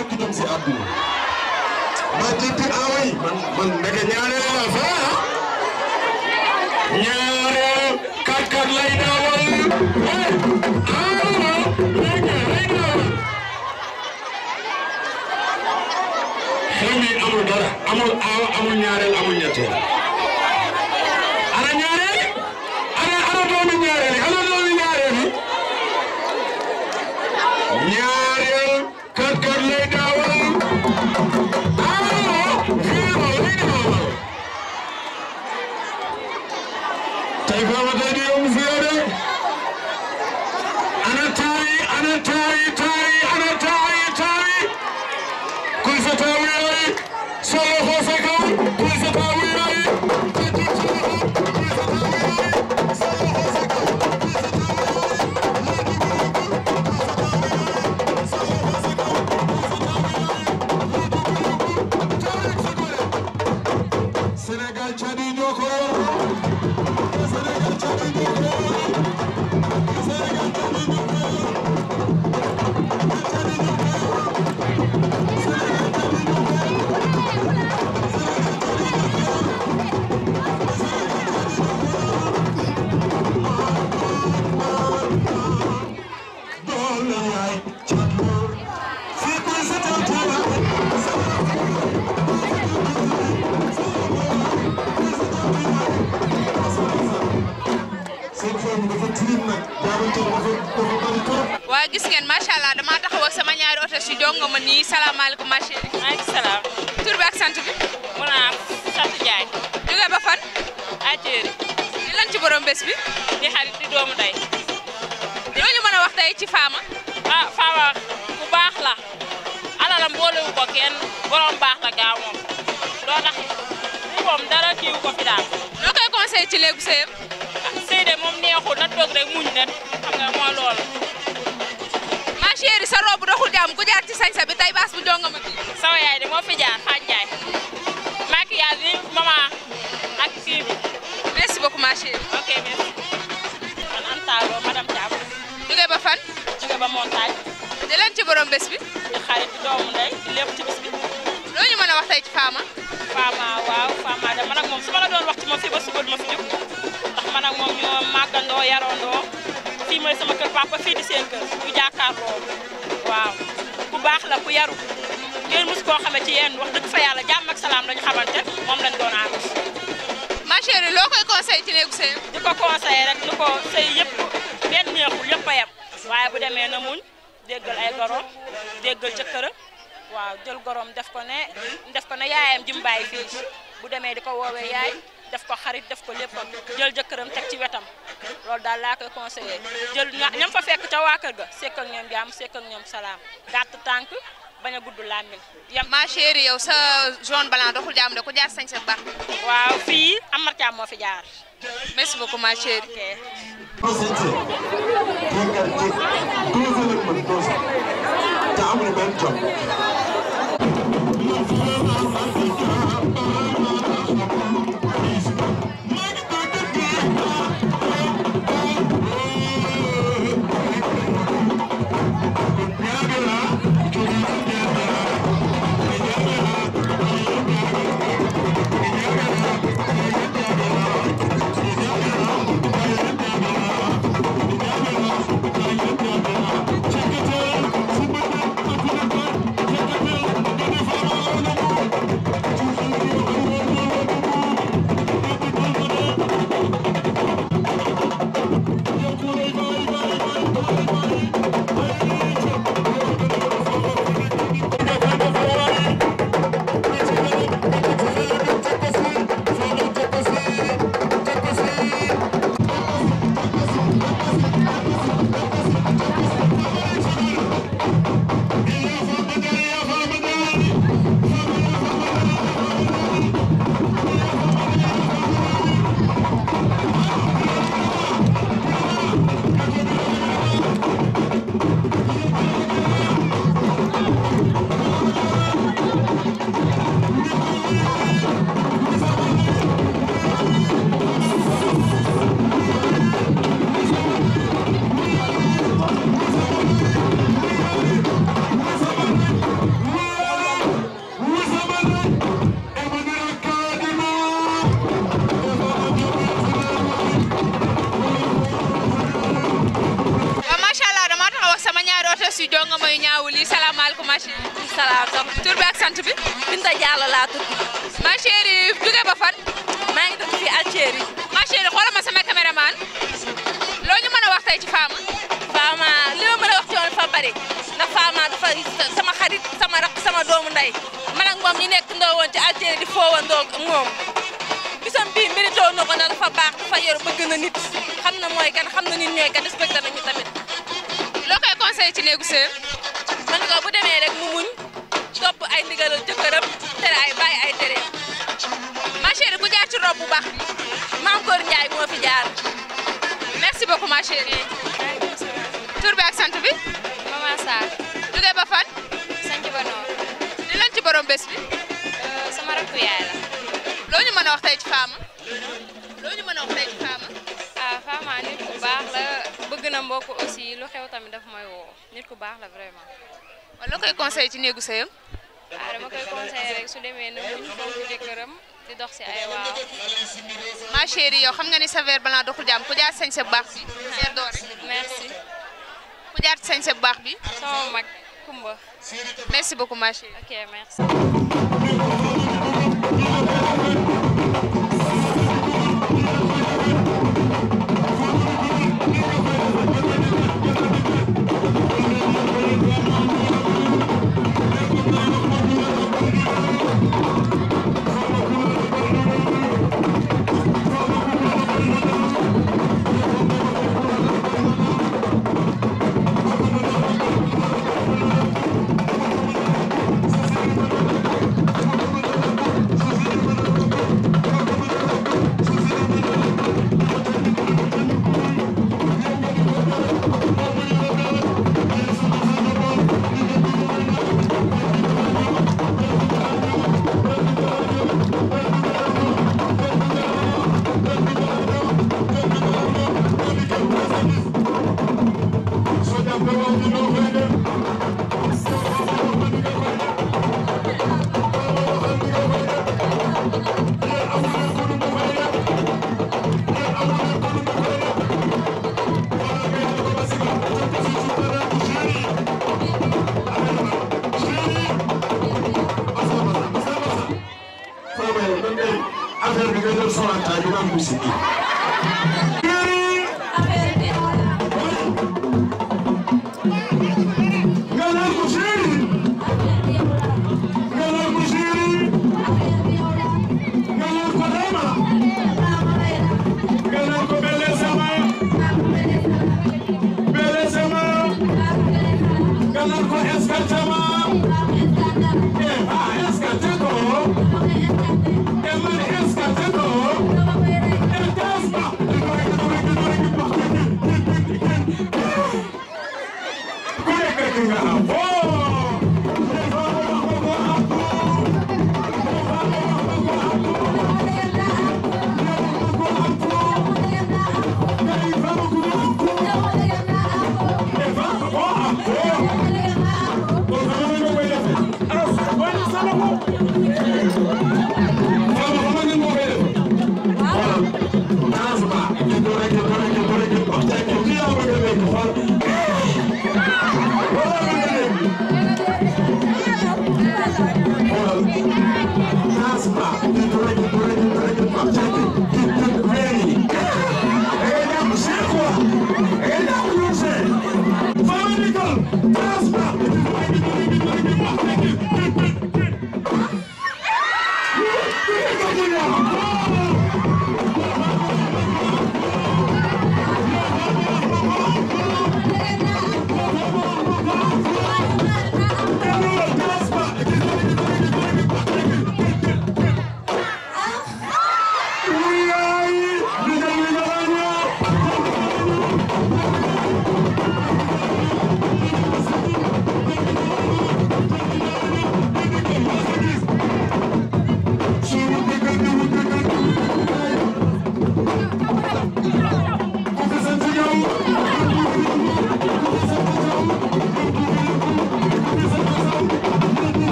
ñàkk jom si àdduna ba jëkk away man man ndeke ñaareel la faa ah. ñaareel kat lay dawal eh, xaaral ndeke lay dawal xel mi amul asalaamaaleykum ma chérie. salaam. tur bi ak sant bi. mu naan sant Ndiaye. jóge ba fan. Ajeri. di lan ci borom bés bi. di xarit di doomu day loo ñu mën a wax tey ci Fama. ah Fama baax la. alalam boolewu ko kenn borom baax la gaaw moom. loo tax moom dara kiiwu ko fi daal. loo koy conseillé ci léegu sëyam. ah de moom neexul na toog rek muñ ren xam nga mooy loolu. jàmm ku jaar ci sañsa bi tey baas bu jonga ma bi sama yaay de moo fi jaar Fatou Ndiaye maquillage bi maman ak kii bi merci beaucoup ma chérie ok merci man Anta Lo madame Diabo ba fan jóge ba montagne di ci borom bés bi di xarit di doomu ndey di ci bés bi a waaw Fama de man moom su ma la moom fii ba suba ma fi jóg ndax man ak moom ñoo màggandoo yarandoo fii mooy sama kër papa fii di seen kër ñu jàkkaarloo waaw ku baax la ku yaru kenn mos koo xame ci yéen wax dëgg fa yàlla jàmm ak salaam lañu xamante moom lañ doon ànd. ma chérie loo koy conseillé ci néegu sëy di ko conseillé rek nu ko sëy yëpp benn neexul yëpp waaye bu demee na muñ déggal ay gorom déggal jëkkëram waaw jël gorom def ko ne def ko ne yaayam ji mu bàyyi fii bu demee di ko woowee yaay def ko xarit def ko léppam jël jëkkëram teg ci wetam loolu daal laa koy conseillé jël ñam fa fekk ca waa kër ga sekk ñoom jàmm sekk ñoom salaam gàtt tànk bañ a gudd làmmiñ. yam ma chérie yow sa jaune blanc doxul jàmm de ku jaar sañ sa baax. waaw fii Amar Thiam moo fi jaar. merci beaucoup ma chérie. ok. sant bi Binta Diallo laa tudd. ma chérie jóge ba fan. maa ngi dëkk fii Algérie. ma chérie xoolal ma sama caméraman loo ñu mën a wax tey ci Fama. Fama li ma mën a wax ci woon fa bari ndax Fama dafa sama xarit sama rakk moom ñi nekk ndoo ci Algérie di foowandoo moom. bisam bii mérito na ko na dafa baax dafa yor bëgg na nit xam na mooy kan xam na nit ñooy kan respecté ci néegu seen. man ko bu demee rek topp ay ndigalal jëkkëram tere ay bàyyi ay tere ma chérie jaar ci rob bu baax bi maam Kër Ndiaye moo fi jaar merci beaucoup ma tur bi ak sant bi maman Sarr jógee ba fan sant ba noor di lan ci borom bés bi euh, sama rakk yaay la loo ñu mën a wax ci Fama loo ñu mën a wax ci Fama ah Fama nit ku baax la bëgg na mbokk aussi lu xew tamit daf may woo nit ku baax la vraiment olha o que ci néegu sëyam waaw dama o que rek su demee na muñ fonk jëkkëram di dox si ay waaw eu chérie yow xam nga ni sa verre blanc doxul jàmm ku jaar sañ sa bu baax bi ah, d'or merci ku jaar sañ sa bu baax bi Kumba merci beaucoup ma chérie ok merci I'm Yeah,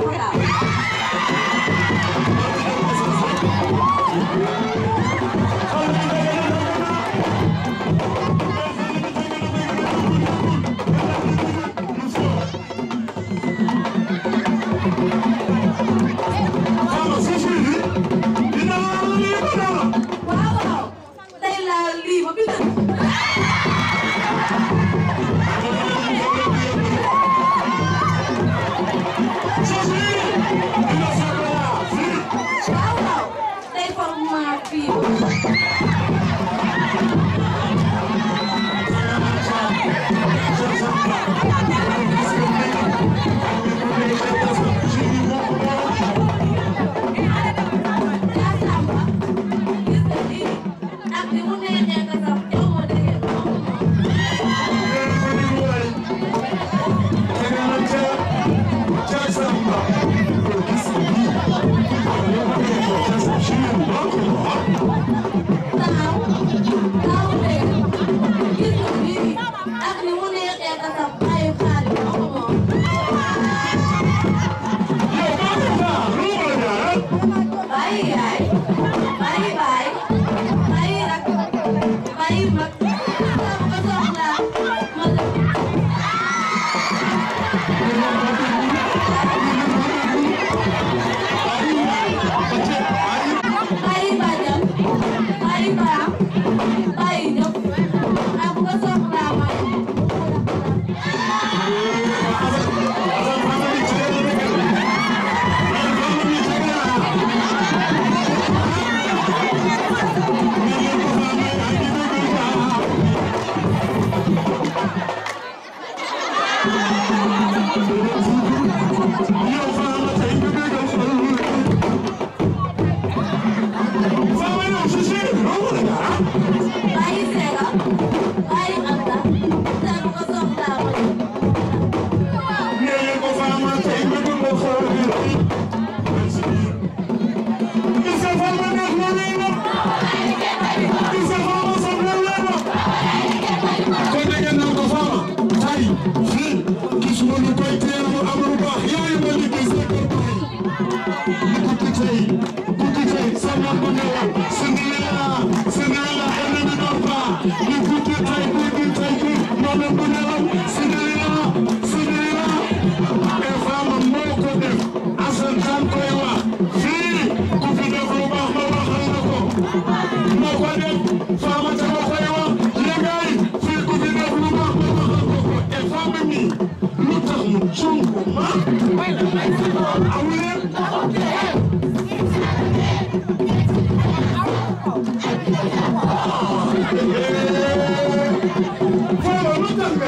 papo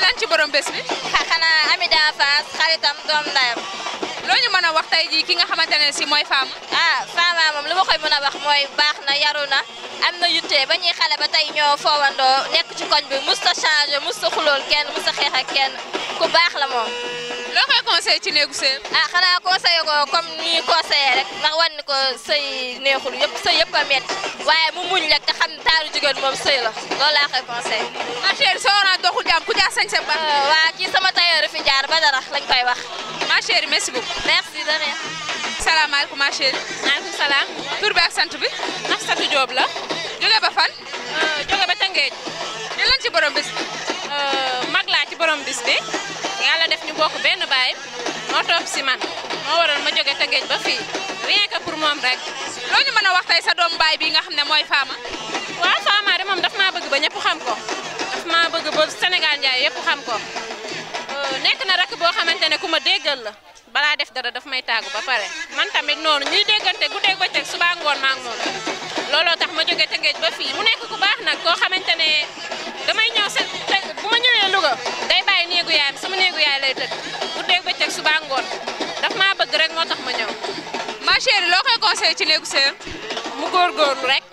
lan ci borom bés bi. xanaa Amida Fass xaritam doom ndayam. loo ñu mën a wax tey jii ki nga xamante ne si mooy Fama. ah Fama moom lu ma koy mën a wax mooy baax na yaru na am na yuttee ba ñuy xale ba tey ñoo foowandoo nekk ci koñ bi musta changé musta xulool kenn musta xeex ak kenn ku baax la moom. loo koy conseillé ci néegu sëy ah xanaa conseillé ko comme ni conseillé rek ndax wan ko neexul yëpp sëy yëpp a métti waaye mu muñ rek te xam taaru jigéen moom sëy la loolu laa koy conseillé. ma ah, chérie soo waroon doxul jàmm ku jaar sañ sa ba. Euh, waa kii sama tailleur fi jaar ba dara lañ koy wax. ma chérie merci beaucoup. merci de rien. salaamaaleykum ma chérie. maaleykum salaam. ak sant bi. Nafisatou Diop la. jóge ba fan. Euh, jóge ba Tëngéej. ne leen ci borom euh, laa ci borom bis bi yàlla def ñu benn baay moo topp si man moo waral ma jóge wax tey sa doom baay bi nga xam ne mooy Fama. waaw de moom daf bëgg ba ñépp xam ko daf maa bëgg ba Sénégal njaay yëpp xam ko euh, nekk na rek boo xamante ne ku ma déggal la balaa def dara daf may tàggu ba pare man tamit noonu ñuy déggante guddeeg bëccëg suba ngoon maa ngi moom looloo tax ma jóge Tëngéej ba fii mu nekk ku baax nag koo xamante ne. damay ñëw sa bu ma ñëwee Louga day bàyyi néegu yaayam sama néegu yaay lay tëdd guddeeg bëccëg suba ngoon daf maa bëgg rek moo tax ma ñëw. ma chérie loo koy conseillé ci néegu sëyam mu góorgóorlu rek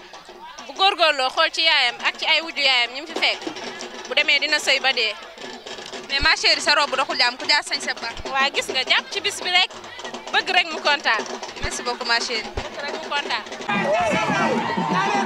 bu góorgóorloo xool ci yaayam ak ci ay wujju yaayam ñu fi bu demee dina sëy ba dee. mais ma chérie sa robe doxul ku jaa sañ sa waa gis nga jàpp ci bis bi rek bëgg rek mu kontaan. merci beaucoup ma chérie bëgg rek mu kontaan.